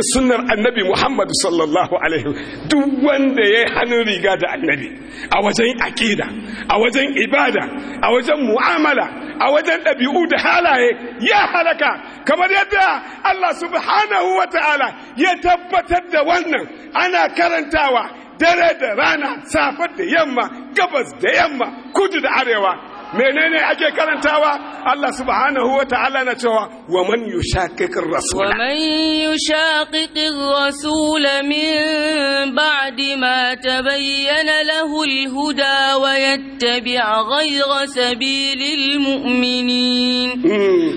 da sunnar annabi Muhammad sallallahu alaihi duk wanda yayi hannun riga da annabi a wajen aqida a wajen ibada a wajen mu'amala a wajen ɗabi'u da halaye ya halaka kamar yadda Allah subhanahu wa ta'ala ya tabbatar da wannan ana karantawa dare da rana safar da yamma gabas da yamma kudu da arewa menene ake karantawa Allah subhanahu wa ta'ala na cewa wa man yushaqiqir rasul wa man yushaqiqir rasul min ba'di ma tabayyana lahu al-huda wa yattabi' ghayra sabilil mu'minin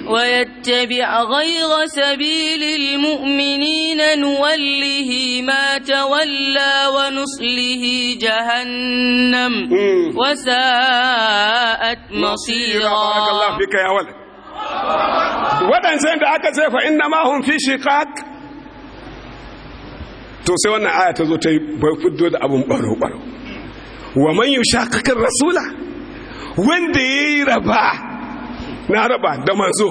wa yattabi' ghayra sabilil mu'minin nuwallihi ma tawalla wa nuslihi jahannam wa sa'at nasira barakallahu fika aka ce fa inna ma hum fi shiqaq to sai wannan aya ta zo ta yi fiddo da abin baro-baro wa man yi shakakan rasula wanda ya yi raba na raba da manzo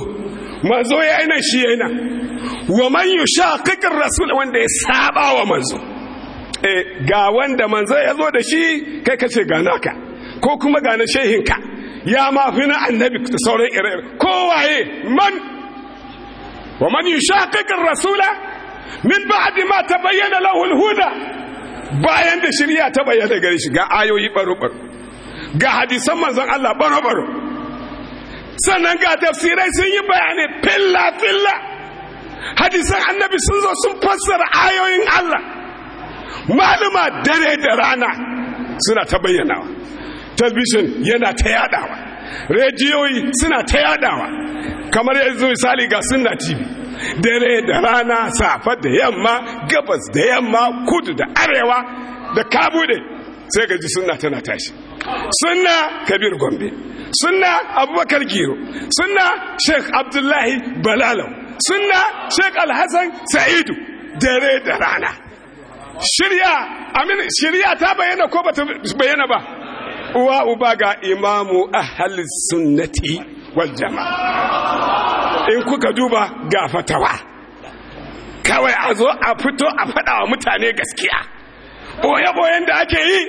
manzo ya yi nan shi ya yi nan wa man yi shakakan rasula wanda ya saba wa manzo e, ga wanda manzo ya zo da shi kai ka ce gana ka ko kuma gane shehinka ya mafi na annabi ta sauran ire kowaye man wa man yushaqiqir rasula min ba'di ma tabayyana lahu al-huda bayan da shirya ta bayyana gare shi ga ayoyi baro-baro ga hadisan manzon Allah baro-baro sannan ga tafsirai sun yi bayani filla-filla hadisan annabi sun zo sun fassara ayoyin Allah maluma dare da rana suna ta bayyanawa talbishin yana ta yadawa rediyoyi suna ta yadawa kamar yanzu misali ga sunna tv dare da rana safa da yamma gabas da yamma kudu da arewa da kabude sai gaji sunna tana tashi sunna kabir gombe sunna abubakar giro sunna sheikh abdullahi balalau sunna sheikh alhassan sa'idu dare da rana shirya shirya ta bayyana ko bata bayyana ba uwa uba ga imamu ahli sunnati wal jama'a in kuka duba ga fatawa kawai a zo a fito a faɗa wa mutane gaskiya boye-boyen da ake yi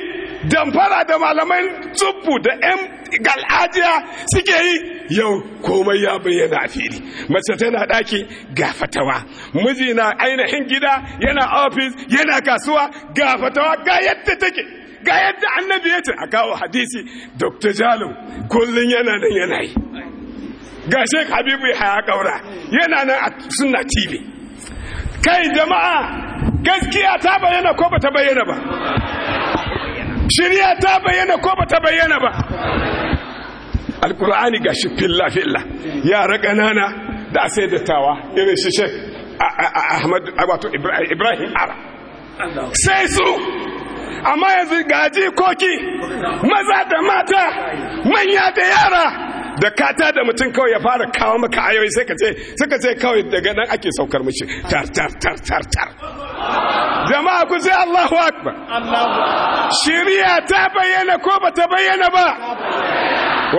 damfara da malamai tsubu da 'yan gal'ajiya suke yi yau komai ya bayyana a fili mace tana daki ga fatawa miji na ainihin gida yana ofis yana kasuwa ga fatawa ga yadda take ga yadda annabi ya ce a kawo hadisi dr jalo kullum yana nan yana yi ga sheik habibu ya haya kaura yana nan a suna tv kai jama'a gaskiya ta bayyana ko ba ta bayyana ba shirya ta bayyana ko ba ta bayyana ba alkur'ani ga shi filla filla yara ƙanana da sai dattawa irin shi sheik ahmad wato ibrahim ara sai su amma yanzu gaji koki, maza da mata manya da yara da kata da mutum kawai ya fara kawo maka ayoyi sai ka ce suka ce kawai daga nan ake saukar mishi tar tar tar tar tar jama'a ku sai Allahu akbar shiriya ta bayyana ko ba ta bayyana ba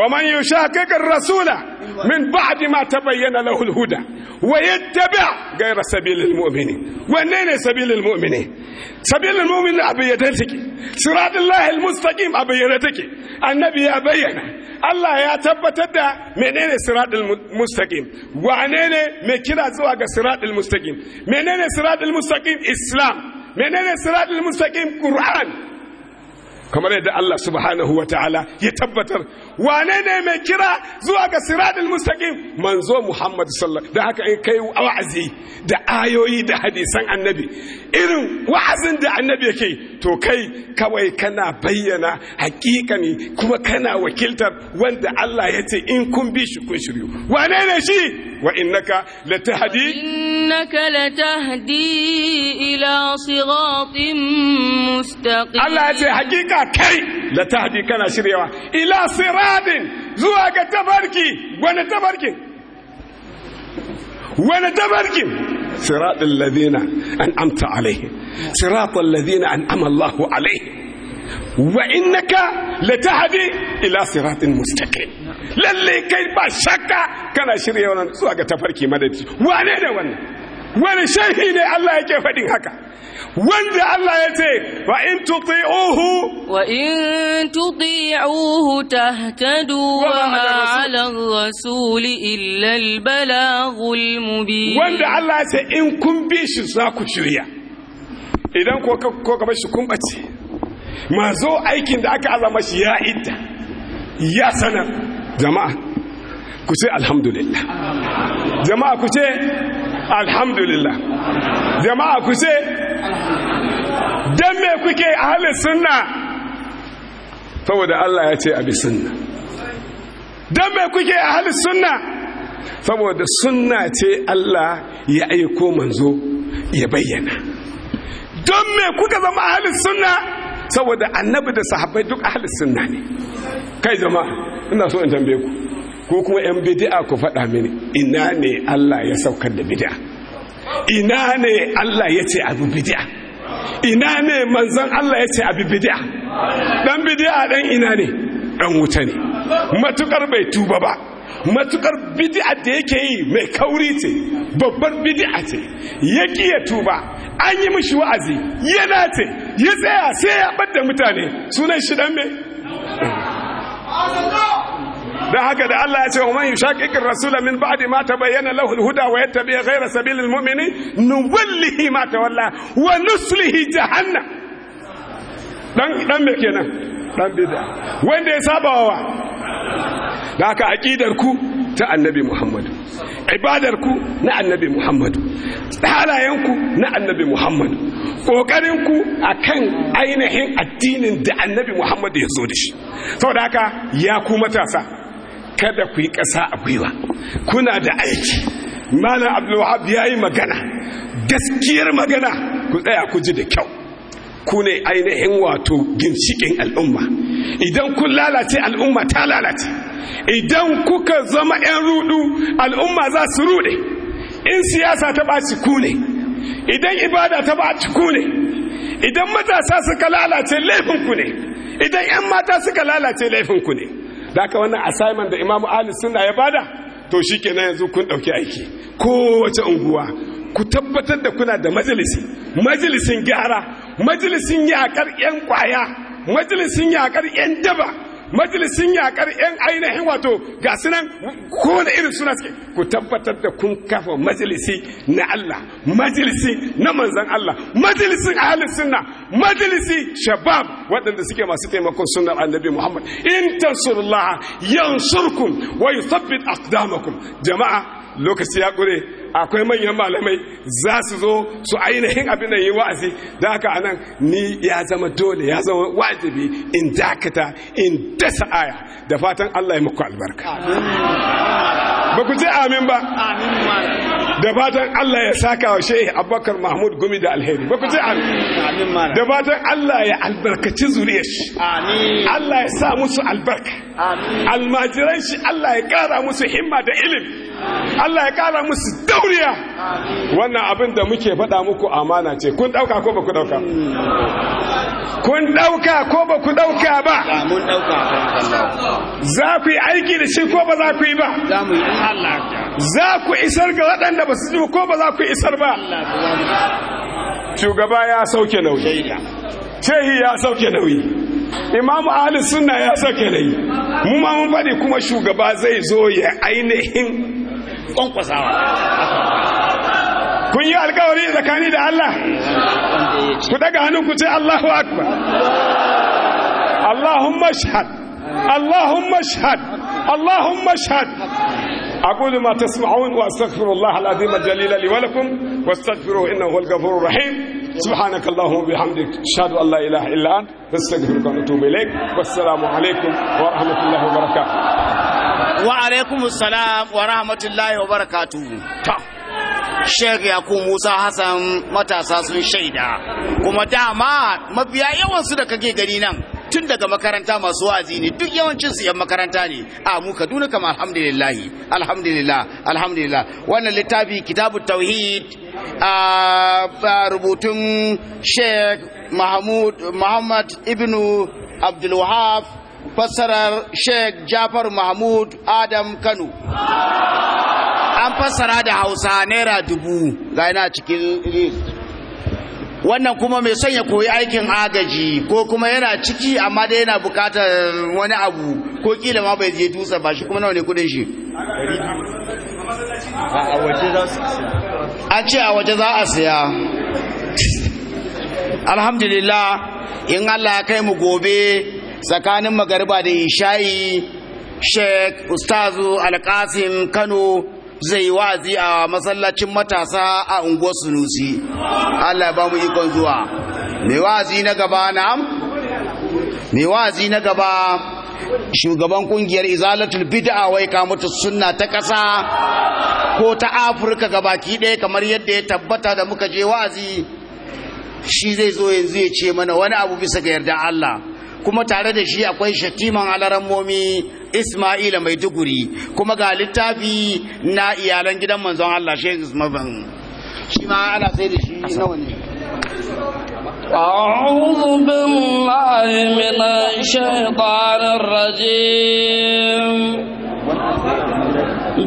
wa man yushaqiqir rasula من بعد ما تبين له الهدى ويتبع غير سبيل المؤمنين ونين سبيل المؤمنين sabilin mumin a bayyane take siratun lahil mustaƙim a bayyane take annabi ya bayyana Allah ya tabbatar da menene siratul mustaqim wane ne mai kira zuwa ga siratul mustaqim menene siratul mustaqim islam menene siratul mustaqim qur'an kamar yadda Allah subhanahu ta'ala ya tabbatar wane ne mai kira zuwa ga siradul mustaqim manzo muhammad sallallahu da haka in kai wa'azi da ayoyi da hadisan annabi irin wa'azin da annabi yake to kai kawai kana bayyana hakikani kuma kana wakiltar wanda Allah ya ce in kun bi shi kun shiryu wane ne shi wa innaka latahdi innaka latahdi ila siratin mustaqim Allah ya ce hakika kai latahdi kana shiryawa ila sirat siradin zuwa ga tabarki wani tabarkin wani tabarkin siradin ladina an amta alaihi siradin ladina an amallahu alaihi wa innaka latahdi ila siratin mustaqim lalle kai ba shakka kana shirye wannan zuwa ga tafarki madadi wane ne wannan wani shehi ne Allah yake faɗin haka wanda Allah ya ce wa in tuti'uhu wa in tuti'uhu tahtadu wa ma 'ala ar-rasuli illa al-balaghul mubin wanda Allah ya ce in kun bi shi za ku shirya idan ko ka ko ka bashi kun bace zo aikin da aka azama shi ya idda ya sanar jama'a ku ce alhamdulillah jama'a ku ce alhamdulillah jama'a ku ce don me kuke ahalin sunna saboda Allah ya ce abi sunna don me kuke sunna saboda sunna ce Allah ya aiko manzo ya bayyana don me kuka zama halin sunna saboda annabi da sahabbai duk halin sunna ne kai jama'a ina so in tambaye ku ko kuma yan bidi'a ku faɗa mini ina ne Allah ya saukar da bidi'a ina ne Allah ya ce abu bidi'a ina ne manzon Allah ya ce abu bidi'a dan bidi'a dan ina ne dan wuta ne matukar bai tuba ba matukar bidi'a da yake yi mai kauri ce babbar bidi'a ce ya ya tuba an yi mishi wa'azi yana ce ya tsaya sai ya bar mutane sunan shi dan me da haka da Allah ya ce wa man yushaqiqir rasula min ba'di ma tabayyana lahu al-huda wa yattabi' ghayra sabilil mu'minin nuwallihi ma tawalla wa nuslihi jahannam dan dan me kenan dan bid'a wanda ya saba wa da haka aqidar ku ta annabi Muhammad ibadar ku na annabi Muhammad halayen ku na annabi Muhammad kokarin ku akan ainihin addinin da annabi Muhammad ya zo da shi saboda haka ya ku matasa kada ku yi ƙasa a gwiwa kuna da aiki malam abdulwahab ya yi magana gaskiyar magana ku tsaya ku ji da kyau ku ne ainihin wato ginshikin al'umma idan kun lalace al'umma ta lalace idan kuka zama 'yan rudu al'umma za su rude in siyasa ta ɓaci ku ne idan ibada ta ɓaci ku ne idan matasa suka lalace laifinku ne idan 'yan mata suka lalace laifinku ne da ka wannan assignment da imamu Ali suna ya bada to shi kenan yanzu kun ɗauki aiki kowace unguwa ku tabbatar da kuna da majalisi majalisin gyara majalisin yakar yan kwaya majalisin yakar yan daba majalisin yakar yan ainihin wato ga sunan kowane irin suna suke ku tabbatar da kun kafa majalisi na Allah majalisi na manzan Allah majalisin ahalin sunna majalisi shabab waɗanda suke masu taimakon sunnar annabi Muhammad in tansurullaha yansurkum wa yuthabbit aqdamakum jama'a lokaci ya ƙure akwai manyan malamai za su zo su ainihin abin da yi wa'azi da haka anan ni ya zama dole ya zama wajibi in dakata in dasa aya da fatan Allah ya muku albarka ba ku ce amin ba da fatan Allah ya saka wa shehi abubakar mahmud gumi da alheri ba ku ce amin da fatan Allah ya albarkaci zuriyar shi Allah ya sa musu albarka almajiran shi Allah ya kara musu himma da ilim Allah ya kara musu dauriya wannan abin da muke faɗa muku amana ce kun ɗauka ko ba ku ɗauka kun ɗauka ko ba ku ɗauka ba za ku yi aiki da shi ko ba za ku yi ba za ku isar ga waɗanda ba su ji ko ba za ku isar ba shugaba ya sauke nauyi cehi ya sauke nauyi imamu ahli sunna ya sauke nauyi mu ma mun faɗi kuma shugaba zai zo ya ainihin kwankwasawa kun yi alkawari tsakani da Allah ku daga hannun ku ce Allahu akbar Allahumma shahad Allahumma shahad Allahumma shahad أقول ما تسمعون وأستغفر الله العظيم الجليل لي ولكم واستغفروا إنه هو القفور الرحيم سبحانك اللهم وبحمدك أشهد أن لا إله إلا أنت نستغفرك ونتوب إليك والسلام عليكم ورحمة الله وبركاته وعليكم السلام ورحمة الله وبركاته Sheikh Yakubu Musa Hassan matasa sun shaida kuma dama mabiya yawan su da kake gani nan tun daga makaranta masu wa'azi ne duk yawancin su yan makaranta ne a mu Kaduna kama alhamdulillah alhamdulillah alhamdulillah wannan littafi kitabu tauhid a rubutun Sheikh Mahmud Muhammad ibnu Abdul Wahab fassarar Sheikh Jafar Mahmud Adam Kano an fassara da Hausa naira dubu ga cikin list wannan kuma mai son ya koyi aikin agaji ko kuma yana ciki amma dai yana bukatar wani abu ko kila ma bai je dutsa ba shi kuma nawa ne kudin shi a ce a waje za a siya alhamdulillah in allah kai mu gobe tsakanin magariba da ishayi sheik ustazu alkasim kano zai wazi a masallacin matasa a unguwar sunusi Allah ba mu ikon zuwa mai wazi na gaba na mai wazi na gaba shugaban kungiyar izalatul bid'a wai ka mutu sunna ta ƙasa ko ta afirka gabaki ɗaya kamar yadda ya tabbata da muka je wazi shi zai zo yanzu ya ce mana wani abu bisa ga yarda Allah kuma tare da shi akwai shatiman momi Ismaila mai duguri kuma ga littafi na iyalan gidan manzon Allah Sheikh Ismail shi ma ana sai da shi nawa ne أعوذ بالله من الشيطان الرجيم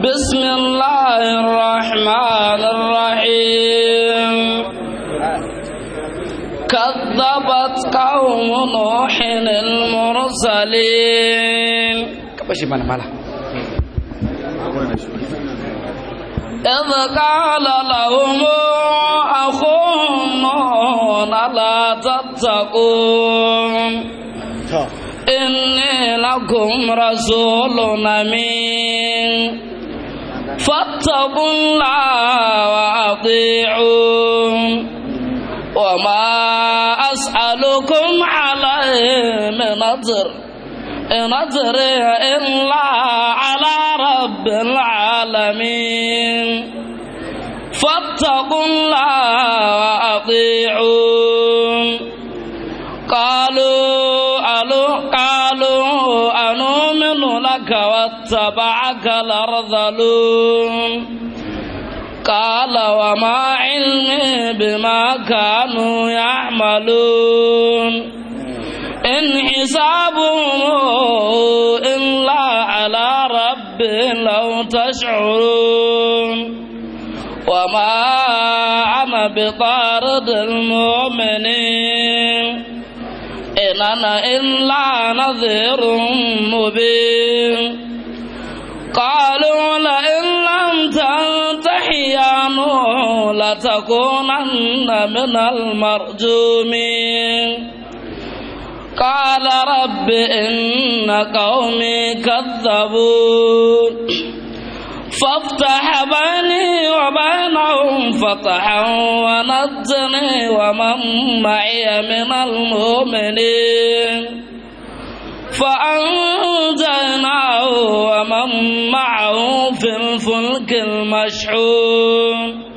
بسم الله الرحمن الرحيم كذبت قوم نوح المرسلين كبشي مالا مالا إذ قال لهم أخوهم لا تتقون إني لكم رسول أمين فاتقوا الله وأطيعون وما أسألكم عليه من أجر إن أجري إلا على رب العالمين فاتقوا الله وأطيعون قالوا قالوا أنؤمن لك واتبعك الأرذلون قال وما علمي بما كانوا يعملون إن حسابهم إلا على ربي لو تشعرون وما أنا بطارد المؤمنين إن أنا إلا نذير مبين قالوا لئن لم تنته آمنوا لتكونن من المرجومين قال رب إن قومي كذبون فافتح بيني وبينهم فتحا ونجني ومن معي من المؤمنين فأنزلناه ومن معه في الفلك المشحون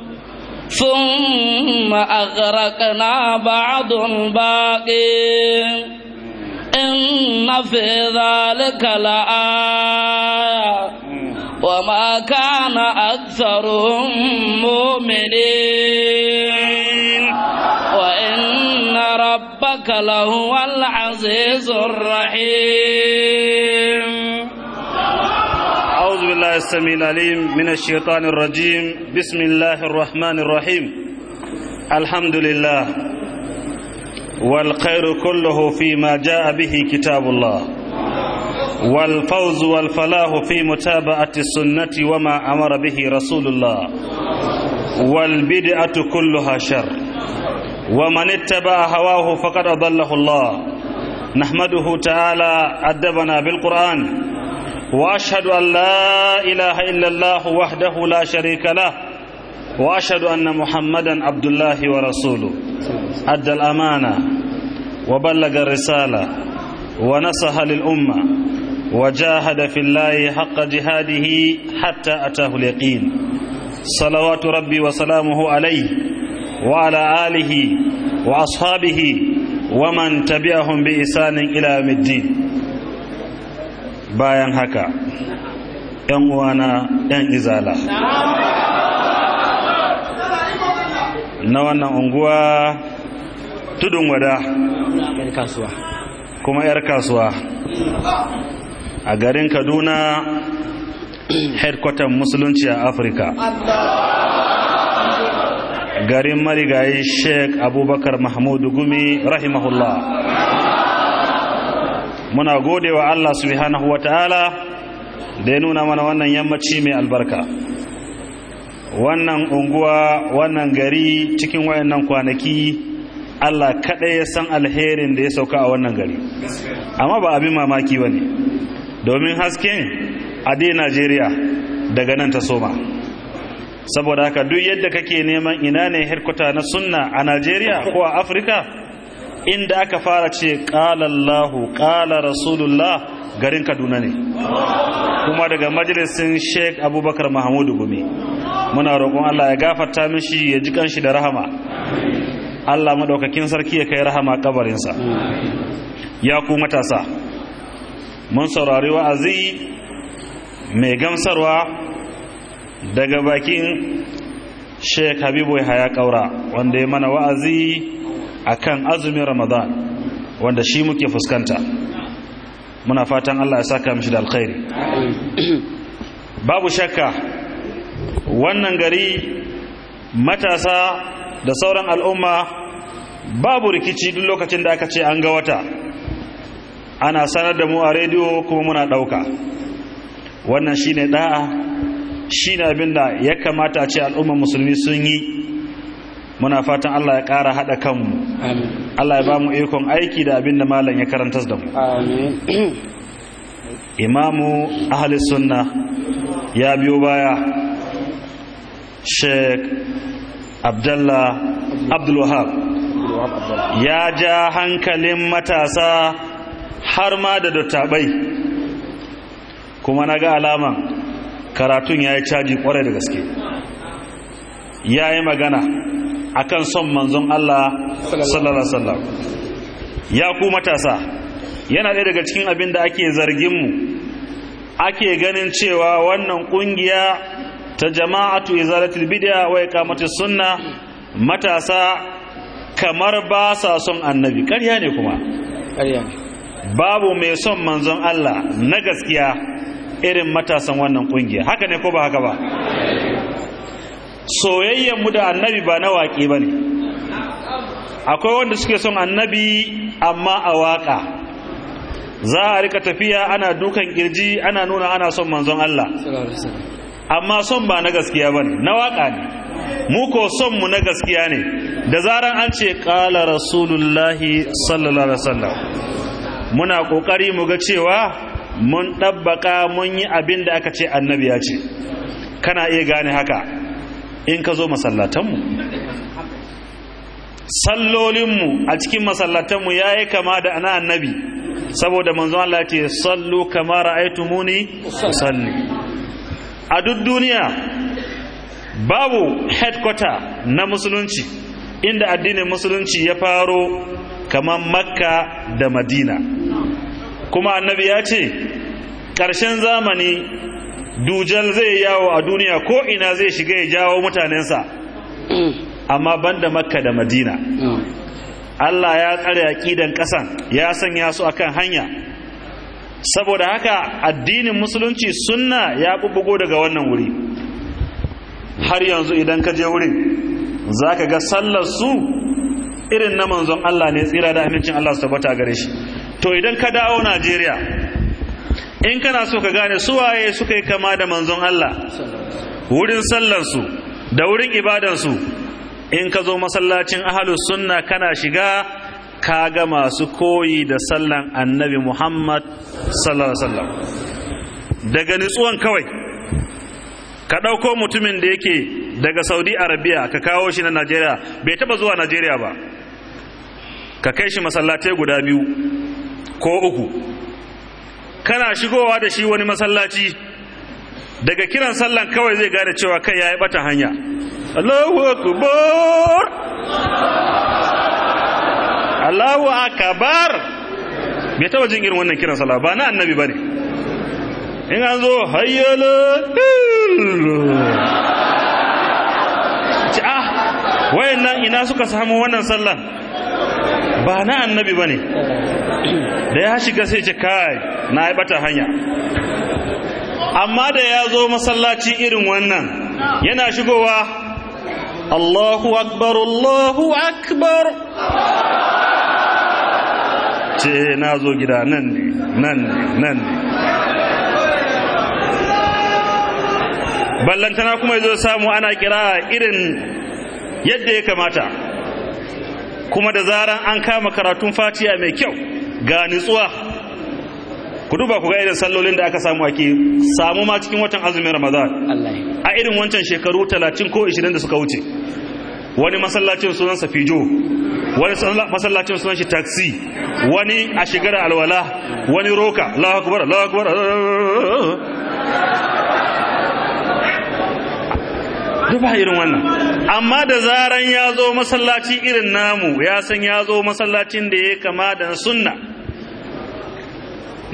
ثم أغرقنا بعض الباقين إن في ذلك لآية وما كان أكثرهم مؤمنين وإن رب لهو العزيز الرحيم أعوذ بالله السميع العليم من الشيطان الرجيم بسم الله الرحمن الرحيم الحمد لله والخير كله فيما جاء به كتاب الله والفوز والفلاح في متابعة السنة وما أمر به رسول الله والبدعة كلها شر ومن اتبع هواه فقد أضله الله نحمده تعالى أدبنا بالقرآن وأشهد أن لا إله إلا الله وحده لا شريك له وأشهد أن محمدا عبد الله ورسوله أدى الأمانة وبلغ الرسالة ونصح للأمة وجاهد في الله حق جهاده حتى أتاه اليقين صلوات ربي وسلامه عليه وعلى آله وأصحابه ومن تبعهم بإحسان إلى يوم الدين bayan haka ‘yan uwana ‘yan izala na wannan unguwa tudun wada kuma ‘yar kasuwa a garin kaduna headquarter musulunci a afirka garin marigayi sheik abubakar mahmudu gumi rahimahullah muna gode wa allah subhanahu wa ta'ala da ya nuna mana wannan yammaci mai albarka wannan unguwa wannan gari cikin wayannan kwanaki allah kaɗai ya san alherin da ya sauka a wannan gari amma ba abin mamaki ba ne domin hasken a najeriya daga nan ta soma saboda haka duk yadda kake neman ina ne herkuta na sunna a najeriya ko a afirka inda aka fara ce Allahu ƙala rasulullah garin kaduna ne kuma daga majalisin sheik abubakar mahamudu gumi muna roƙon allah ya gafarta mishi ya ji kanshi da rahama allah maɗaukakin sarki ya kai rahama kabarinsa ya ku matasa mun saurari wa'azi mai gamsarwa daga bakin sheikh habibu ya kaura wanda ya mana wa'azi akan azumin ramadan wanda shi muke fuskanta muna fatan allah ya saka mishi da alkhairi babu shakka wannan gari matasa da sauran al'umma babu rikici duk lokacin da aka ce an ga wata ana sanar da mu a rediyo kuma muna ɗauka wannan shine da'a shi ne abin ya kamata ce al'ummar musulmi sun yi muna fatan Allah ya ƙara haɗa kanmu Allah ya ba mu ikon aiki da abinda malam ya karanta da mu imamu ahli sunna ya biyo baya sheik abdullah abdulwahab ya ja hankalin matasa har ma da dattabai kuma na ga alaman karatun ya yi caji kwarai da gaske ya yi magana akan son manzon Allah sallallahu sallam ya ku matasa yana ɗaya daga cikin abin da ake zarginmu ake ganin cewa wannan ƙungiya ta jama'atu izalatul bid'a wa kamata sunna matasa kamar ba sa son annabi ƙarya ne kuma babu mai son manzon Allah na gaskiya irin matasan wannan kungiya haka ne ko ba haka ba soyayyen mu da annabi ba na waƙe ba ne akwai wanda suke son annabi amma a waƙa za a rika tafiya ana dukan kirji ana nuna ana son manzon Allah amma son ba na gaskiya ba ne na waƙa ne mu ko son mu na gaskiya ne da zaran an ce ƙala rasulullahi sallallahu alaihi wasallam muna ƙoƙari mu ga cewa mun ɗabbaƙa mun yi abin da aka ce annabi ya ce kana iya gane haka in ka zo masallatanmu sallolinmu a cikin masallatanmu ya yi kama da ana annabi saboda manzo Allah ce sallu kama ra'aitu muni salli a duk duniya babu headquarter na musulunci inda addinin musulunci ya faro kamar makka da madina kuma annabi ya ce Karshen zamani dujan zai yawo a duniya ko ina zai shiga ya jawo mutanensa amma ban da makka da madina Allah ya tsare aƙidan ƙasan ya sanya su akan hanya saboda haka addinin musulunci sunna ya bubbugo daga wannan wuri har yanzu idan ka je wurin za ka ga sallar su irin na manzon Allah ne tsira da amincin Allah su tabbata gare shi to idan ka dawo Najeriya in kana so ka gane su waye suka yi kama da manzon Allah wurin sallansu da wurin ibadansu in ka zo masallacin ahalus sunna kana shiga ka ga masu koyi da sallan annabi Muhammad sallallahu alaihi daga nitsuwan kawai ka ɗauko mutumin da yake daga saudi arabia ka kawo shi na najeriya bai taba zuwa najeriya ba ka kai shi masallatai guda biyu ko uku kana shigowa da shi wani masallaci daga kiran sallan kawai zai gane cewa kai ya yi bata hanya Allahu akbar Allahu akbar bai taba jin irin wannan kiran sallah ba na annabi bane in an zo hayyala ci ah wayannan ina suka samu wannan sallan ba na annabi ba ne da ya shiga sai ce kai na bata hanya amma da ya zo masallaci irin wannan yana shigowa Allahu akbar Allahu akbar ce na zo gida nan ne nan ne nan ne ballantana kuma ya zo samu ana kira irin yadda ya kamata kuma da zaran an kama karatun Fatiya mai kyau ga nutsuwa ku duba ku ga irin sallolin da aka samu ake samu ma cikin watan azumin ramadan a irin wancan shekaru 30 ko 20 da suka wuce wani masallacin sunansa fijo wani masallacin sunan shi taxi wani a shigar alwala wani roka la akbar la akbar duk ba irin wannan amma da zaran ya zo masallaci irin namu ya san ya zo masallacin da ya kama da sunna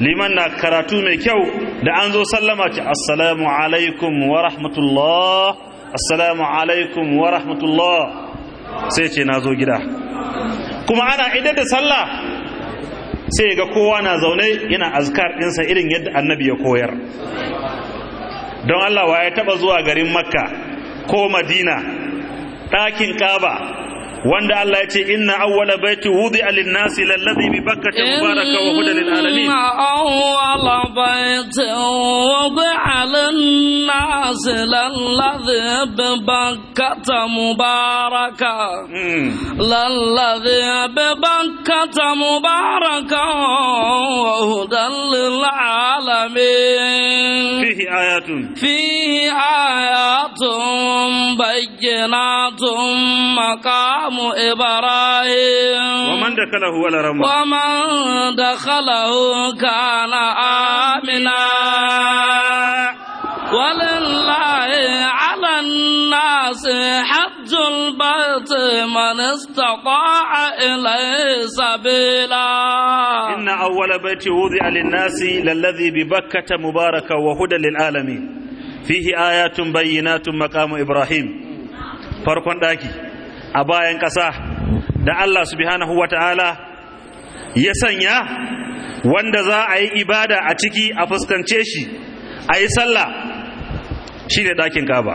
liman na karatu mai kyau da an zo sallama ce assalamu alaikum wa rahmatullah assalamu alaikum wa rahmatullah sai ce na zo gida kuma ana idan da sallah sai ga kowa na zaune yana azkar ɗinsa irin yadda annabi ya koyar don Allah wa ya taɓa zuwa garin makka ko madina ɗakin kaba wanda Allah ya ce inna awwala baiti wudi alin nasi lalladhi bi bakkata mubaraka wa hudan lil alamin inna awwala baiti wudi alin nasi lalladhi bi bakkata mubaraka hmm. lalladhi bi bakkata mubaraka wa hudan lil alamin fihi ayatun fihi ayatun bayyinatun maqam mu ibrahim. waman da kala hu wala rama. waman da kala hu kana amina. walillahi alan nasi hajjul bati man istata'a ilai sabila. inna awwala baiti wudi alin nasi lallazi bi bakkata mubaraka wa huda lil alamin. tun bayyana tun maqamu ibrahim. farkon ɗaki. a bayan ƙasa da Allah subhanahu wa ta'ala ya sanya wanda za a yi ibada a ciki a fuskance shi a yi sallah shi ne ɗakin kaba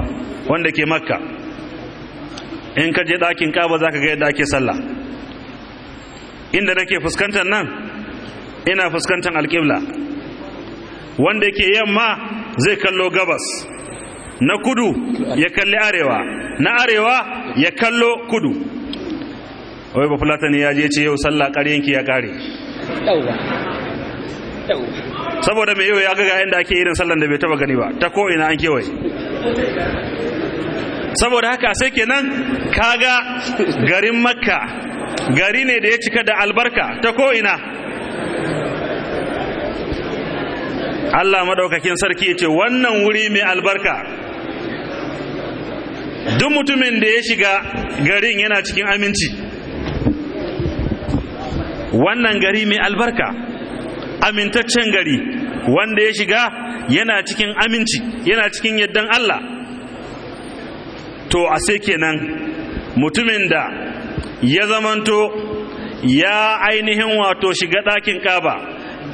wanda ke makka in ka je ɗakin kaba za ka ga yadda ake sallah inda nake fuskantar nan ina fuskantar alƙibla wanda ke yamma zai kallo gabas na kudu ya kalli arewa na arewa ya kallo kudu wai ba fulata ne ya je ce yau sallah ƙaryanki ya ƙare saboda mai yau ya ga yayin da ake irin sallan da bai taba gani ba ta ko ina an kewaye saboda haka sai kenan kaga garin makka gari ne da ya cika da albarka ta ko ina Allah madaukakin sarki ya ce wannan wuri mai albarka duk mutumin da ya shiga garin yana cikin aminci wannan gari mai albarka amintaccen gari wanda ya shiga yana cikin aminci yana cikin yaddan Allah to a sai kenan mutumin da ya zamanto ya ainihin wato shiga ɗakin ƙaba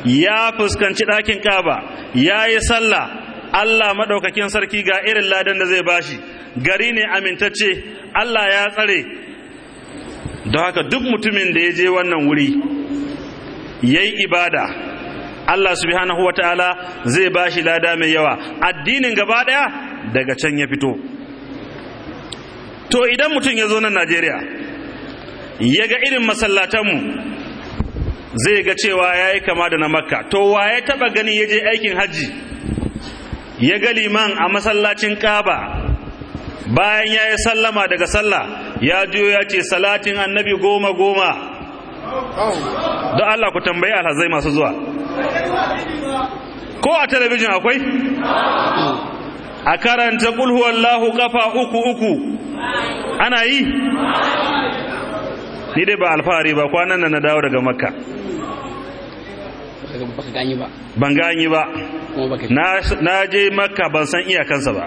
ya fuskanci ɗakin ƙaba ya yi sallah Allah maɗaukakin sarki ga irin ladan da zai bashi gari ne amintacce Allah ya tsare don haka duk mutumin da ya je wannan wuri ya yi ibada Allah subhanahu wa ta'ala zai bashi lada mai yawa addinin gaba ɗaya daga can ya fito to idan mutum ya zo nan Najeriya ya ga irin masallatanmu zai ga cewa ya yi kama da na makka to wa ya taɓa gani ya je aikin hajji ya ga liman a masallacin kaba bayan ya yi sallama daga sallah ya juyo ya ce salatin annabi goma goma don Allah ku tambayi alhazai masu zuwa ko a talabijin akwai a karanta kulhuwallahu kafa uku uku ana yi ni dai ba alfahari ba kwanan nan na dawo daga makka ba ban ganyi ba na je makka ban san iyakansa ba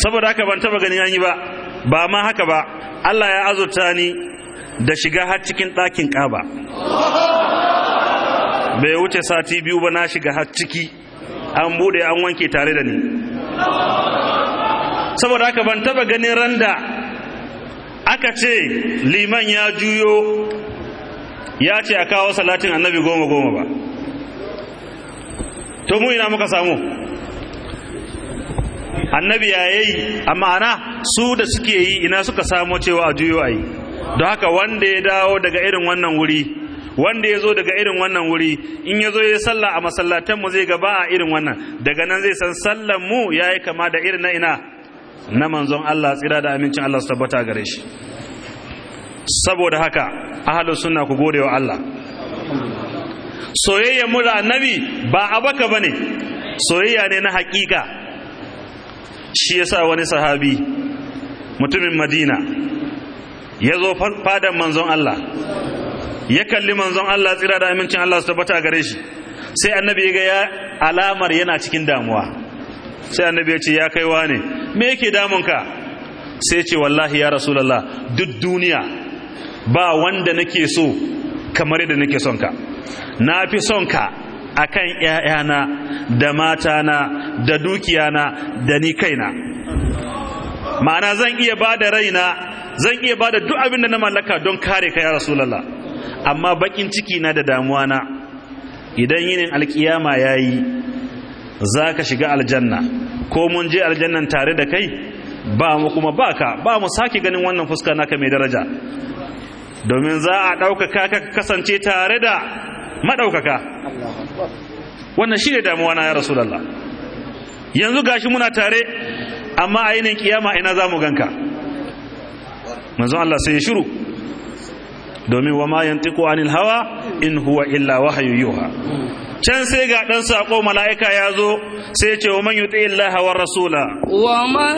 saboda haka ban taba ganin yanyi ba ba ma haka ba Allah ya azurta ni da shiga har cikin ɗakin ƙaba bai wuce sati biyu ba na shiga har ciki an bude an wanke tare da ni saboda haka ban taba ganin randa aka ce liman ya juyo ya ce a kawo salatin annabi goma goma ba to mu ina muka samu annabi ya yi a ma'ana su da suke yi ina suka samo cewa a juyo a yi don haka wanda ya dawo daga irin wannan wuri wanda ya zo daga irin wannan wuri in ya zo ya salla a masallatanmu zai gaba a irin wannan daga nan zai san sallan mu ya yi kama da irin na ina na manzon Allah tsira da amincin Allah su tabbata gare shi saboda haka ahalus sunna ku gode wa Allah soyayya mu da annabi ba abaka bane soyayya ne na hakika shi yasa wani sahabi mutumin madina ya zo fadan manzon Allah ya kalli manzon Allah tsira da amincin Allah su tabbata gare shi sai annabi ga ya alamar yana cikin damuwa sai annabi ya ce ya kaiwa ne me yake damunka sai ce wallahi ya rasulullah duk duniya ba wanda nake so kamar yadda nake son ka na fi son ka kan 'ya'yana, da matana da dukiyana da ni kaina ma'ana zan iya ba da raina zan iya ba da duk abin da na mallaka don kare ka ya rasulallah amma bakin ciki na da damuwa na idan yinin alkiyama ya yi za ka shiga aljanna ko mun je aljannan tare da kai ba mu kuma baka ba mu sake ganin wannan fuska naka mai daraja domin za a ɗaukaka ka kasance tare da maɗaukaka wannan shi ne damuwa na ya rasu Allah yanzu gashi muna tare amma a ainihin kiyama ina za mu ganka manzon Allah sai ya shiru domin wa ma ko anil hawa in huwa illa wahayu yuha can sai ga ɗan saƙo mala'ika ya zo sai ce wa man yuti illaha wa rasula wa man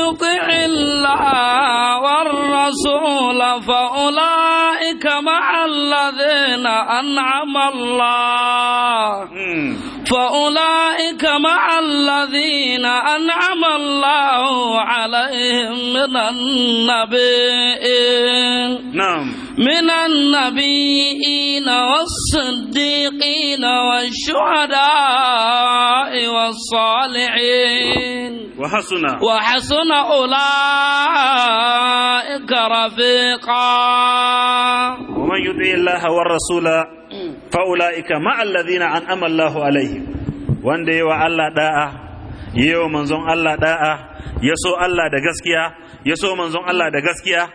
يطع الله والرسول فأولئك مع الذين أنعم الله hmm. فأولئك مع الذين أنعم الله عليهم من النبيين نعم من النبيين والصديقين والشهداء والصالحين وحسن وحسن أولئك رفيقا ومن يطيع الله والرسول فأولئك مع الذين أنعم الله عليهم وان ديوا الله داء yau manzon Allah da'a ya so Allah da gaskiya ya so manzon Allah da gaskiya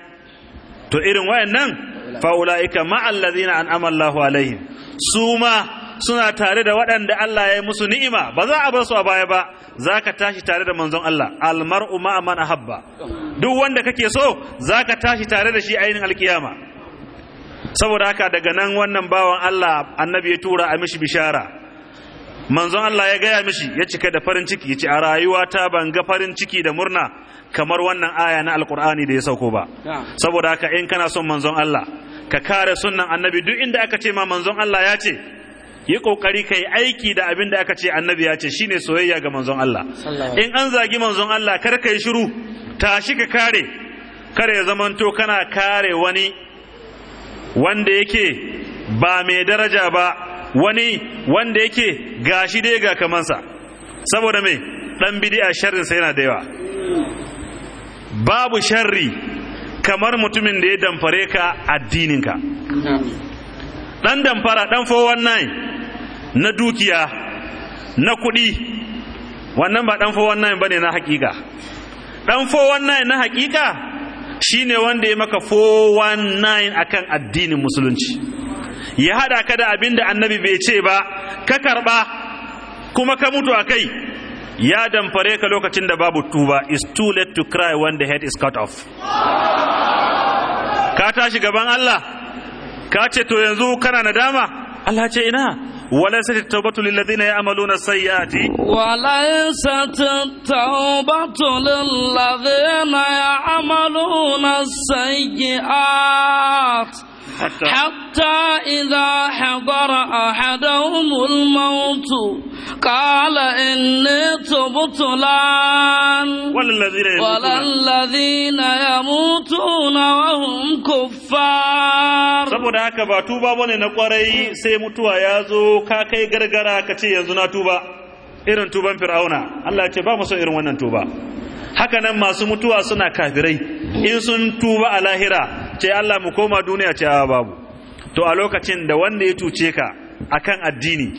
to irin wayannan fa'ula'ika ma'allazina an'ama Allahu alaihim su ma suna tare da waɗanda Allah ya yi musu ni'ima ba za a bar su a baya ba zaka tashi tare da manzon Allah almar'u ma man ahabba duk wanda kake so zaka tashi tare da shi yin alkiyama saboda haka daga nan wannan bawan Allah annabi ya tura a mishi bishara manzon Allah ya gaya mishi ya cika da farin ciki ya a rayuwata ban ga farin ciki da murna kamar wannan aya na alkur'ani da ya sauko ba saboda haka in kana son manzon Allah ka kare sunnan annabi duk inda aka ce ma manzon Allah ya ce yi kokari ka aiki da abin da aka ce annabi ya ce shine soyayya ga manzon Allah in an zagi manzon Allah kar ka shiru tashi ka kare kar ya zamanto kana kare wani wanda yake ba mai daraja ba wani wanda yake gashi dai ga kamansa saboda me dan bid'a sharrin sai yana da yawa babu sharri kamar mutumin da ya damfare ka addininka dan damfara dan 419 na dukiya na kuɗi wannan ba dan 419 bane na hakika dan 419 na hakika shine wanda ya maka 419 akan addinin musulunci ya haɗa ka da abinda annabi bai ce ba ka karɓa kuma ka mutu akai ya damfare ka lokacin da babu tuba is too late to cry when the head is cut off ka tashi gaban Allah ka ce to yanzu kana nadama Allah ce ina ladina ya'maluna للذين يعملون السيئات tawbatu lil ladina ya'maluna السيئات حتى, حتى إذا حضر أحدهم الموت قال إني تبت الآن والذين, يموتون وهم كفار saboda haka ba tuba bane na kwarai sai mutuwa ya zo ka kai gargara ka ce yanzu na tuba irin tuban fir'auna Allah ya ce ba mu so irin wannan tuba haka nan masu mutuwa suna kafirai in sun tuba a lahira ce Allah mu koma duniya ce babu to a lokacin da wanda ya tuce ka akan addini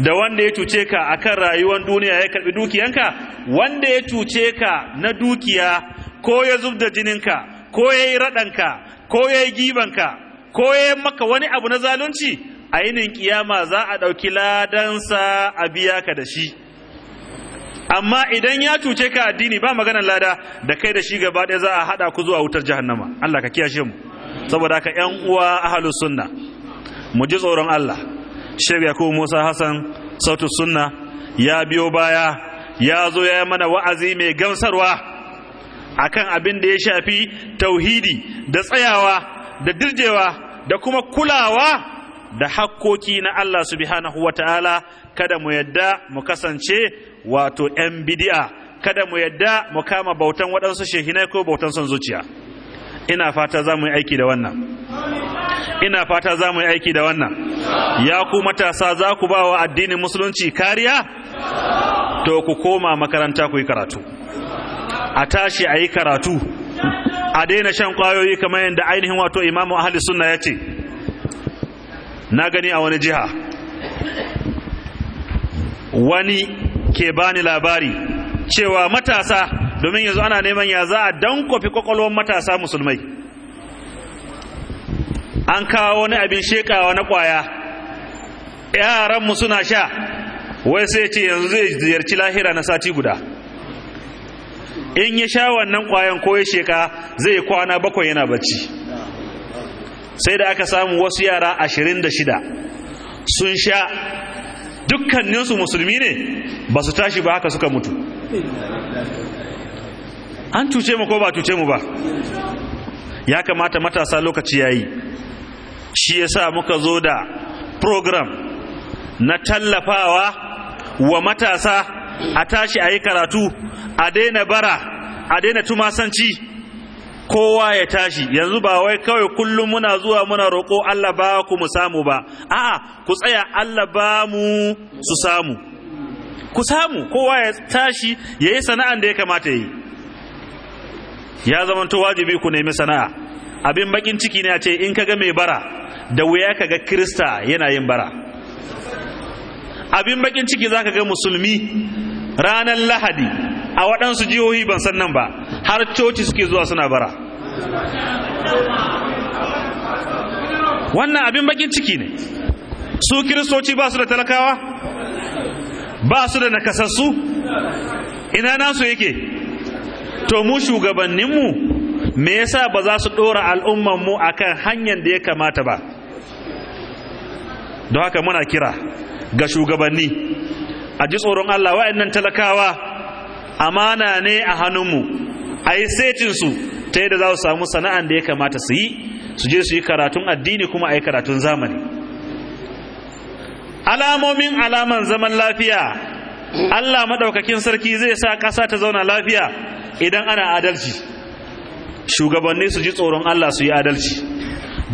da wanda ya tuce ka akan rayuwar duniya ya karbi dukiyanka wanda ya tuce ka na dukiya ko ya zub da ka, ko ya yi ka, ko ya yi ka, ko ya yi maka wani abu na zalunci a yinin kiyama za a ɗauki ladansa a biya ka da shi amma idan ya cuce ka addini ba maganar lada da kai da shi gaba ɗaya za a haɗa ku zuwa wutar jahannama Allah ka kiyashe mu saboda ka ƴan uwa ahlus sunna mu ji tsoron Allah Sheikh Yakubu Musa Hassan sautu sunna ya biyo baya ya zo ya yi mana wa'azi mai gamsarwa akan abin da ya shafi tauhidi da tsayawa da dirjewa da kuma kulawa da hakkoki na Allah subhanahu wa ta'ala kada mu yadda mu kasance wato ‘yan bidi'a kada mu yadda mu kama bautan waɗansu shehinai ko bautan son zuciya ina fata za mu yi aiki da wannan ina fata za mu yi aiki da wannan ya ku matasa za ku ba wa addinin musulunci kariya to ku koma makaranta ku yi karatu a tashi a yi karatu a daina shan kwayoyi kamar yadda ainihin wato imamu ahli sunna ya ce na gani a wani jiha wani ke bani labari cewa matasa domin yanzu ana neman ya za a dankofi kwakwalwar matasa musulmai an kawo wani abin shekawa na kwaya yaranmu suna sha wai sai ce yanzu zai ziyarci lahira na sati guda in ya sha wannan kwayan ko ya sheka zai kwana bakwai yana bacci sai da aka samu wasu yara ashirin da shida sun sha dukkaninsu musulmi ne ba su tashi ba haka suka mutu an cuce mu ko ba cuce mu ba ya kamata matasa lokaci yayi shi yasa muka zo da program na tallafawa wa matasa a tashi a yi karatu a daina bara a daina tumasanci kowa ya tashi yanzu ba wai kawai kullum muna zuwa muna roƙo Allah ba ku mu samu ba a'a ku tsaya Allah ba mu su samu ku samu kowa ya tashi ya yi sana'an da ya kamata ya yi ya zamanto wajibi ku nemi sana'a abin bakin ciki ne a ce in kaga mai bara da wuya kaga krista yana yin bara abin bakin ciki zaka ga musulmi ranar lahadi a waɗansu jihohi ban san nan ba har coci suke zuwa suna bara wannan abin bakin ciki ne su kiristoci ba su da talakawa ba su da nakasassu ina nasu yake to mu shugabanninmu me yasa ba za su ɗora al'ummanmu a kan hanyar da ya kamata ba don haka muna kira ga shugabanni a ji tsoron Allah wa'annan talakawa amana ne a hannunmu a yi setinsu ta yadda za su samu sana'an da ya kamata su yi su je su yi karatun addini kuma a yi karatun zamani alamomin alaman zaman lafiya Allah maɗaukakin sarki zai sa ƙasa ta zauna lafiya idan ana adalci shugabanni su ji tsoron Allah su yi adalci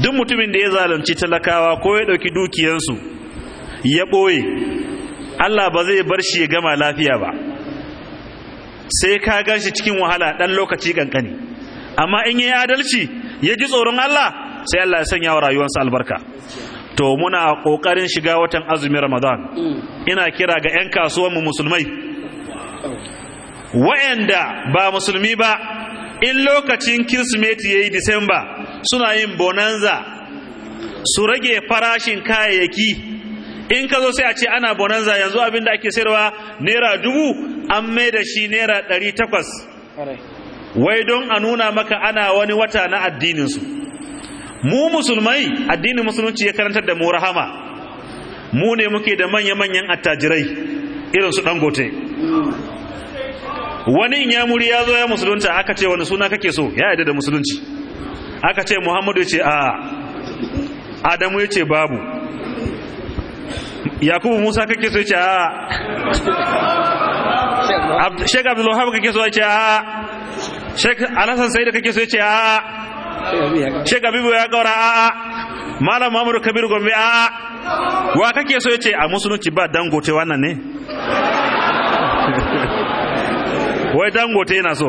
duk mutumin da ya zalunci talakawa ko ya ɗauki dukiyansu ya ɓoye Allah ba zai bar shi ya gama lafiya ba sai ka gan shi cikin wahala ɗan lokaci kankani amma in yi adalci ya ji tsoron Allah sai Allah ya sanya wa rayuwarsa albarka to muna ƙoƙarin shiga watan azumi ramadan ina kira ga 'yan kasuwanmu musulmai wa'anda ba musulmi ba in lokacin kirsimeti ya yi disamba suna yin bonanza su rage farashin kayayyaki in ka zo sai a ce ana bonanza yanzu abin da ake sayarwa naira dubu an mai da shi naira ɗari takwas wai don a nuna maka ana wani wata na addininsu mu musulmai addinin musulunci ya karantar da mu rahama mu ne muke da manya-manyan attajirai irin su dangote wani in ya muri ya zo ya musulunta aka ce wani suna kake so ya yadda da musulunci aka ce muhammadu ya ce a adamu ya ce babu yakubu musa kake so ce a shek abdullahab kake so ce a shek alhassan sai da kake so ce a shek abibu ya gaura a malam mamur kabir gombe a wa kake so ce a musulunci ba dangote wannan ne wai dangote yana so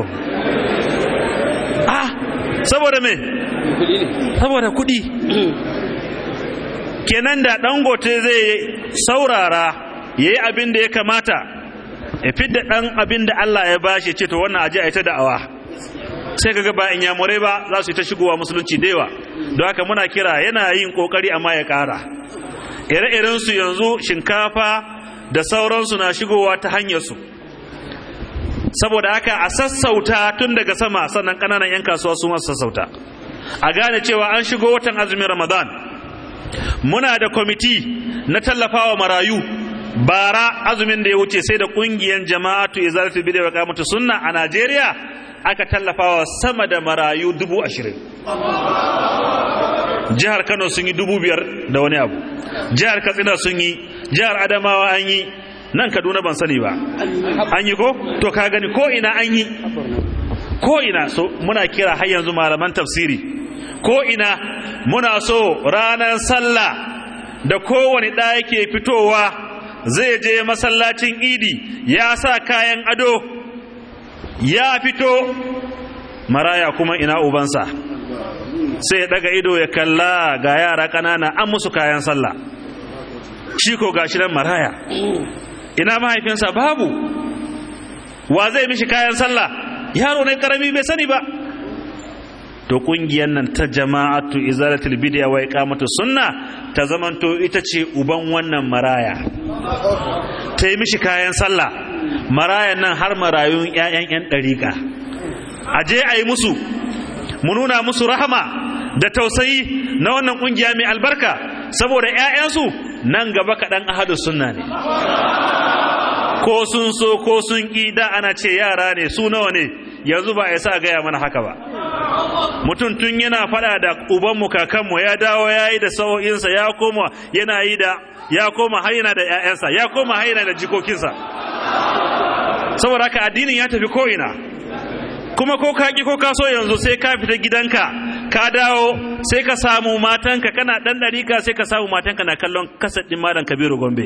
ah saboda me saboda kudi kenan da ɗan gote zai saurara ya yi abin da ya kamata ya fi da ɗan abin da Allah ya bashi ce to wannan aje ai ta da'awa sai kaga ba in yamurai ba za su yi ta shigowa musulunci da yawa don haka muna kira yana yin kokari amma ya kara ire-iren yanzu shinkafa da sauransu na shigowa ta hanyarsu saboda haka a sassauta tun daga sama sannan ƙananan 'yan kasuwa su masu sassauta a gane cewa an shigo watan azumin ramadan muna da kwamiti na tallafawa marayu bara azumin da ya wuce sai da ƙungiyar jama'atu izalatu bid'a wa qamatu sunna a Najeriya aka tallafawa sama da marayu dubu ashirin jihar Kano sun yi dubu biyar da wani abu jihar Katsina sun yi jihar Adamawa an yi nan Kaduna ban sani ba an yi ko to ka gani ko ina an yi ko ina so muna kira har yanzu malaman tafsiri ko ina muna so ranar sallah da kowane ɗa yake fitowa zai je masallacin idi ya sa kayan ado ya fito maraya kuma ina ubansa sai daga ido ya kalla ga yara ƙanana an musu kayan sallah shi ko gashi nan maraya ina mahaifinsa babu wa zai mishi kayan sallah yaro ne karami bai sani ba to kungiyar nan ta jama'atu izalatul bid'a wa iqamatu sunna ta zamanto ita ce uban wannan maraya ta yi mishi kayan sallah marayan nan har marayun ƴaƴan ƴan ɗariƙa a je a yi musu mu nuna musu rahama da tausayi na wannan kungiya mai albarka saboda ƴaƴansu nan gaba kaɗan ahadu sunna ne ko sun so ko sun ƙi da ana ce yara ne su nawa ne yanzu ba ya sa gaya mana haka ba mutum tun yana fada da ubanmu kakanmu ya dawo ya yi da sa'o'insa ya koma yana yi da ya koma har yana da 'ya'yansa ya koma har yana da jikokinsa saboda haka addinin ya tafi ko'ina kuma ko ka ki ko ka so yanzu sai ka fita gidanka ka dawo sai ka samu matanka kana dan ɗarika sai ka samu matanka na kallon kasadin malam kabiru gombe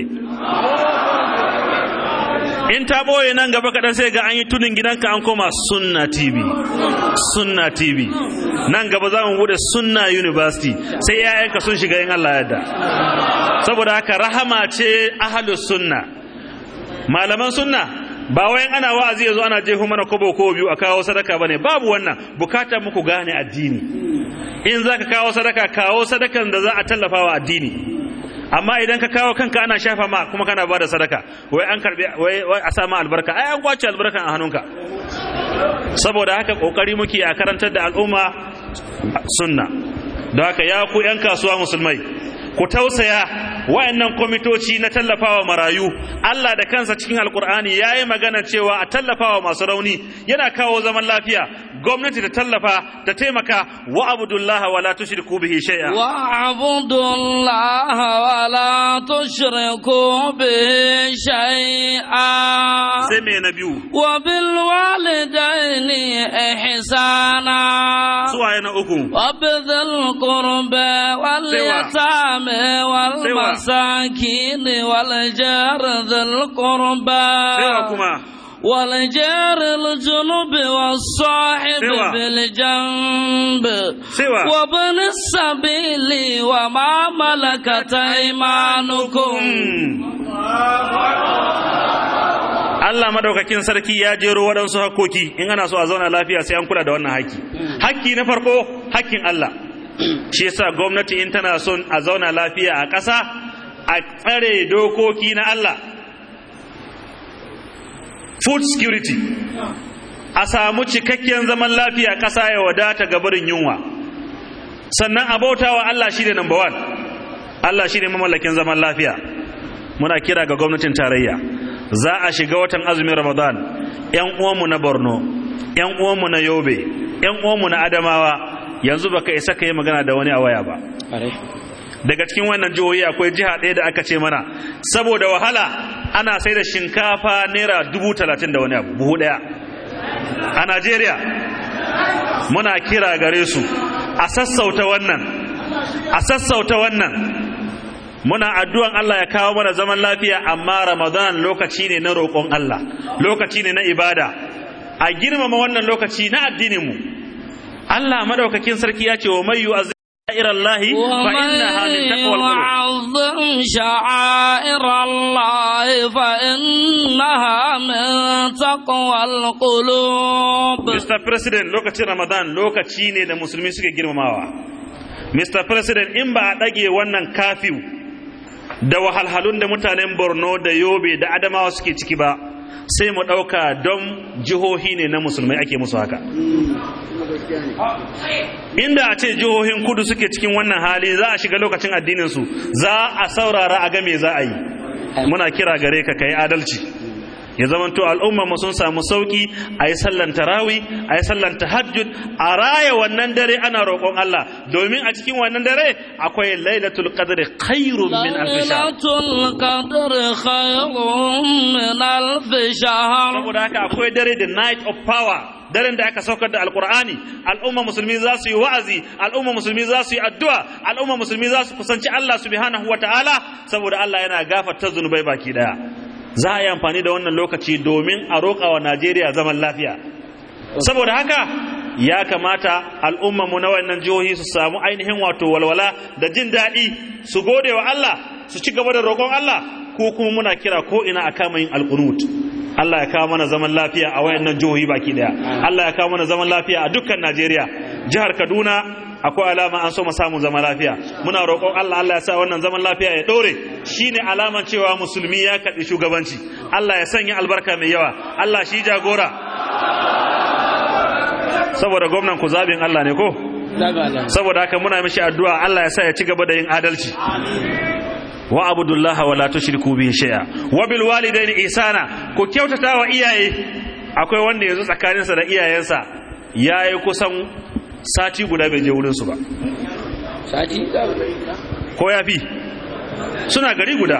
in ta boye nan gaba kaɗan sai ga an yi tunin gidanka an koma sunna tv sunna tv nan gaba za mu bude sunna university sai yayanka sun shiga in allah yadda saboda haka rahama ce ahalus sunna malaman sunna ba wayan ana wa'azi yazo ana jefa mana kobo ko biyu a kawo sadaka bane babu wannan bukatar muku gane addini in zaka kawo sadaka kawo sadakan da za a tallafa wa addini amma idan ka kawo kanka ana shafa ma kuma kana bada sadaka wai an karbi wai a sama albarka ai an kwace albarkan a hannunka saboda haka kokari muke a karantar da al'umma sunna da haka ya ku yan kasuwa musulmai ku tausaya wayannan kwamitoci na tallafawa marayu Allah da kansa cikin alkur'ani ya yi magana cewa a tallafawa masu rauni yana kawo zaman lafiya gwamnati ta tallafa ta taimaka wa abdullah wa la tushriku bihi shay'a wa abdullah wa la tushriku bihi shay'a sai me na biyu wa bil walidaini ihsana suwaye na uku wa bil qurba wal yatama اليتامى والمساكين والجار ذي القربى والجار الجنوب والصاحب في الجنب وابن السبيل وما ملكت ايمانكم Allah madaukakin sarki ya jero waɗansu hakoki in ana so a zauna lafiya sai an kula da wannan haki. haki na farko hakkin Allah. shi yasa gwamnati in tana son a zauna lafiya a ƙasa a tsare dokoki na Allah food security a samu cikakken zaman lafiya ƙasa ya wadata ga barin yunwa sannan a bautawa Allah shi ne number one Allah shi ne mamallakin zaman lafiya muna kira ga gwamnatin tarayya za a shiga watan azumin ramadan 'yan uwanmu na borno 'yan uwanmu na yobe 'yan uwanmu na adamawa yanzu baka isa ka yi magana da wani a waya ba daga cikin wannan jihohi akwai jiha ɗaya da aka ce mana saboda wahala ana sai da shinkafa naira dubu talatin da wani abu buhu ɗaya a najeriya muna kira gare su a sassauta wannan a sassauta wannan muna addu'an Allah ya kawo mana zaman lafiya amma ramadan lokaci ne na roƙon Allah lokaci ne na ibada a girmama wannan lokaci na addininmu mu Allah madaukakin sarki ya ce wa mai yu'azzim شعائر الله fa من تقوى taqwal وعظم Mr. President lokacin Ramadan lokaci ne da musulmi suke girmamawa Mr. President in ba a dage wannan kafiu da wahalhalun da mutanen Borno da Yobe da Adamawa suke ciki ba sai mu ɗauka don jihohi ne na musulmai ake musu haka inda a ce jihohin kudu suke cikin wannan hali za a shiga lokacin addininsu za a saurara a game za a yi muna kira gare ka ka yi adalci ya zamanto al'umma mu sun samu sauki a yi sallan tarawi a yi sallan tahajjud a raya wannan dare ana roƙon Allah domin a cikin wannan dare akwai lailatul qadr khairun min alf shahr lailatul qadr khairun min alf shahr saboda haka akwai dare the night of power daren da aka saukar da alkur'ani al'umma musulmi za su yi wa'azi al'umma musulmi za su yi addu'a al'umma musulmi za su kusanci Allah subhanahu ta'ala saboda Allah yana gafarta zunubai baki daya za a yi amfani da wannan lokaci domin a roƙa wa najeriya zaman lafiya saboda haka ya kamata al'ummanmu na wannan jihohi su samu ainihin wato walwala da jin daɗi su gode wa allah su ci gaba da roƙon allah ko kuma muna kira ko ina a kama yin alƙunut Allah ya kawo mana zaman lafiya a wayannan jihohi baki daya Allah ya kawo mana zaman lafiya a dukkan Najeriya jihar Kaduna akwai alama an so mu samu zaman lafiya muna roƙon Allah Allah ya sa wannan zaman lafiya ya dore shine alaman cewa musulmi ya kaɗi shugabanci Allah ya sanya albarka mai yawa Allah shi jagora saboda gwamnan ku zabin Allah ne ko saboda haka muna mishi addu'a Allah ya sa ya ci gaba da yin adalci wa abudullaha wa la tushriku bihi shay'a wa bil walidayni ihsana ko kyautata wa iyaye akwai wanda yazo tsakaninsa da iyayensa yayi kusan sati guda bai je wurin su ba sati ko fi suna gari guda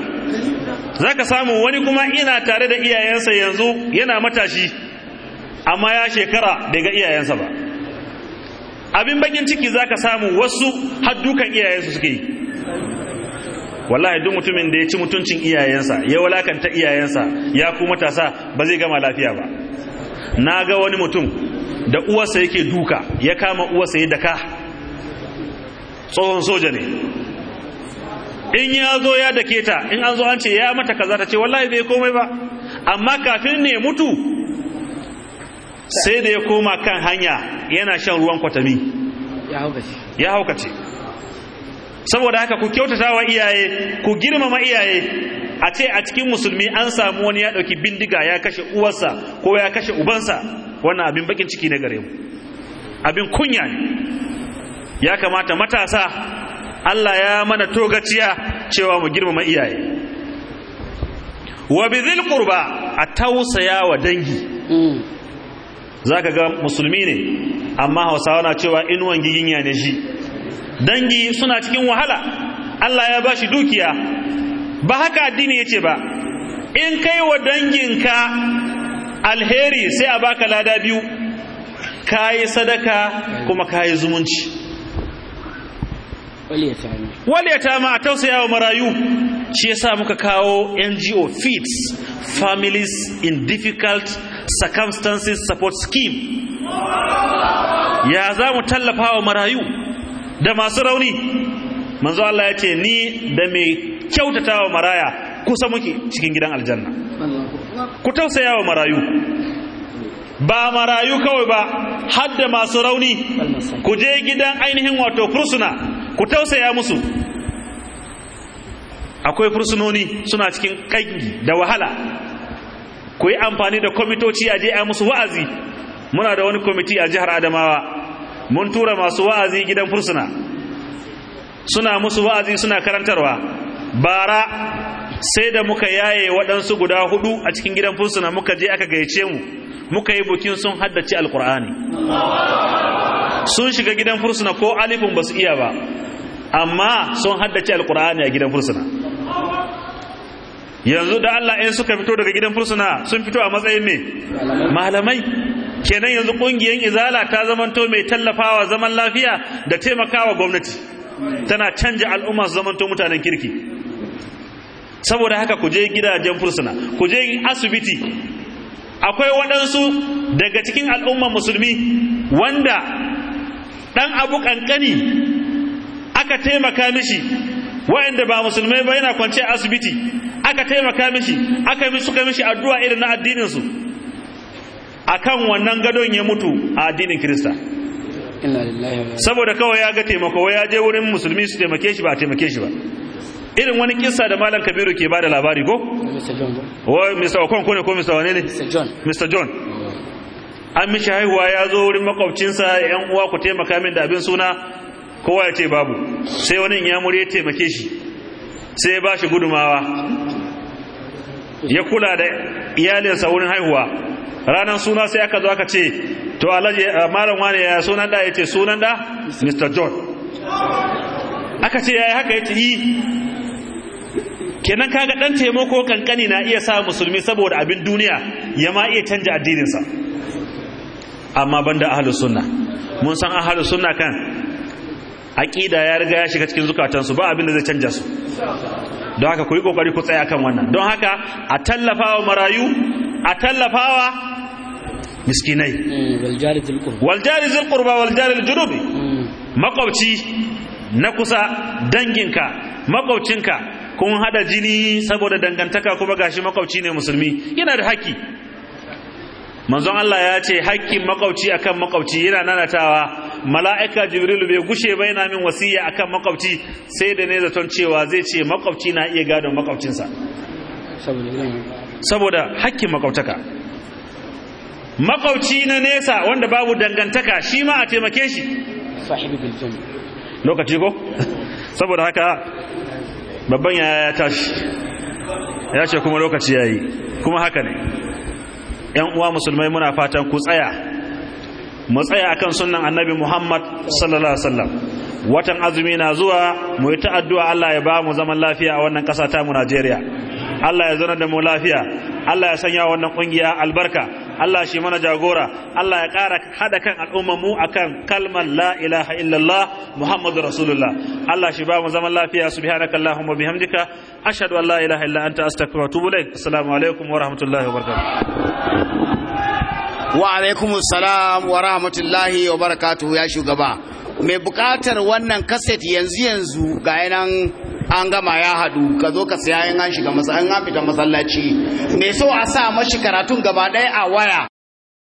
zaka samu wani kuma ina tare da iyayensa yanzu yana matashi amma ya shekara bai ga iyayensa ba abin bakin ciki zaka samu wasu har iyayensu suke yi wallahi duk mutumin da ya ci mutuncin iyayensa ya walakanta iyayensa ya ku matasa ba zai gama lafiya ba na ga wani mutum da uwarsa yake duka ya kama uwarsa ya daka tsohon soja ne in ya zo ya dake ta in an zo an ce ya mata kaza ta ce wallahi bai komai ba amma kafin ne mutu sai da ya koma kan hanya yana shan ruwan kwatami ya haukace saboda haka ku kyautata wa iyaye ku girmama iyaye a ce a cikin musulmi an samu wani ya ɗauki bindiga ya kashe uwarsa ko ya kashe ubansa wannan abin bakin ciki na gare mu abin kunya ne ya kamata matasa Allah ya mana togaciya cewa mu girmama iyaye wa bizil qurba a tausaya wa dangi mm. zaka ga musulmi ne amma hausawa na cewa inuwan giginya ne shi dangi suna cikin wahala Allah ya bashi dukiya ba haka addini yace ba in kai wa dangin ka alheri sai a baka lada biyu kayi sadaka kuma kayi zumunci ya ma a tausaya wa marayu shi yasa muka kawo NGO feeds families in difficult circumstances support scheme ya za mu tallafa wa marayu da masu rauni manzo Allah ya ce ni da mai kyautatawa maraya kusa muke cikin gidan aljanna ku tausayawa marayu ba marayu kawai ba har da masu rauni ku je gidan ainihin wato fursuna ku tausaya musu akwai fursunoni suna cikin kangi da wahala ku yi amfani da kwamitoci a je a musu wa'azi muna da wani kwamiti a jihar adamawa mun tura masu wa'azi gidan fursuna suna musu wa'azi suna karantarwa bara sai da muka yaye waɗansu guda hudu a cikin gidan fursuna muka je aka gayyace mu muka yi bukin sun haddace alkur'ani sun shiga gidan fursuna ko alifin ba su iya ba amma sun haddace alkur'ani a gidan fursuna yanzu da Allah in suka fito daga gidan fursuna sun fito a matsayin me malamai kenan yanzu kungiyar izala ta zamanto mai tallafawa zaman lafiya da taimakawa gwamnati tana canja al'umma su zamanto mutanen kirki saboda haka ku je gidajen fursuna ku je asibiti akwai waɗansu daga cikin al'umman musulmi wanda ɗan abu ƙanƙani aka taimaka mishi waɗanda ba musulmai ba yana kwance asibiti aka taimaka mishi aka suka mishi addu'a irin na addininsu akan wannan gadon ya mutu a addinin Kirista saboda kawai ya ga taimako ya je wurin musulmi su taimake shi ba a taimake shi ba irin wani kissa da malam kabiru ke bada labari ko wai mr okonko ne ko mr wane ne mr john an mishi haihuwa ya zo wurin makwabcinsa yan uwa ku taimaka min da abin suna kowa ya ce babu sai wani ya mure taimake shi sai ya ba shi gudumawa ya kula da iyalinsa wurin haihuwa ranar suna sai aka zo aka ce to alaji eh, malam wani ya sunan da yace sunan da Mr John aka ce yayi haka yace yi kenan kaga dan taimako kankani na iya sa musulmi saboda abin duniya ya ma iya canja addininsa amma banda ahlus sunna mun san ahlus sunna kan aqida ya riga ya shiga cikin zukatansu ba abin da zai canja su don haka ku yi kokari ku tsaya kan wannan don haka a tallafawa marayu a tallafawa miskinai mm, waljari zil qurba waljari junubi mm. makwabci na kusa danginka makwabcinka kun hada jini saboda dangantaka kuma gashi makwabci ne musulmi yana da haƙƙi manzon Allah ya ce haƙƙin makwabci akan makwabci yana nanatawa mala'ika jibrilu bai gushe ba yana min wasiya akan makwabci sai da ne zaton cewa zai ce makwabci na iya gadon makwabcinsa saboda hakkin makwabtaka makwabci na nesa wanda babu dangantaka shi ma a taimake shi lokaci ko saboda haka babban yaya ya tashi ya ce kuma lokaci ya yi kuma haka ne ‘yan uwa musulmai muna fatan ku tsaya mu tsaya akan sunnan annabi Muhammad sallallahu alaihi wasallam watan azumi na zuwa mu yi ta'addu'a Allah ya ba mu zaman lafiya a wannan kasa ta mu Najeriya Allah ya zana da mu lafiya Allah ya sanya wannan kungiya albarka Allah shi mana jagora Allah ya ƙara hada kan al'ummar mu akan kalmar la ilaha illallah Muhammadu Rasulullah Allah shi ba mu zaman lafiya subhanakallahumma bihamdika ashhadu an la ilaha illa anta astaghfiruka wa atubu ilaik assalamu alaikum wa rahmatullahi wa barakatuh wa alaikumus salam wa rahmatullahi wa barakatuhu ya shugaba mai bukatar wannan kaset yanzu yanzu ga yanan an gama ya hadu ka zo ka saya an shiga masallaci mai so a sa mashi karatun gaba ɗaya a waya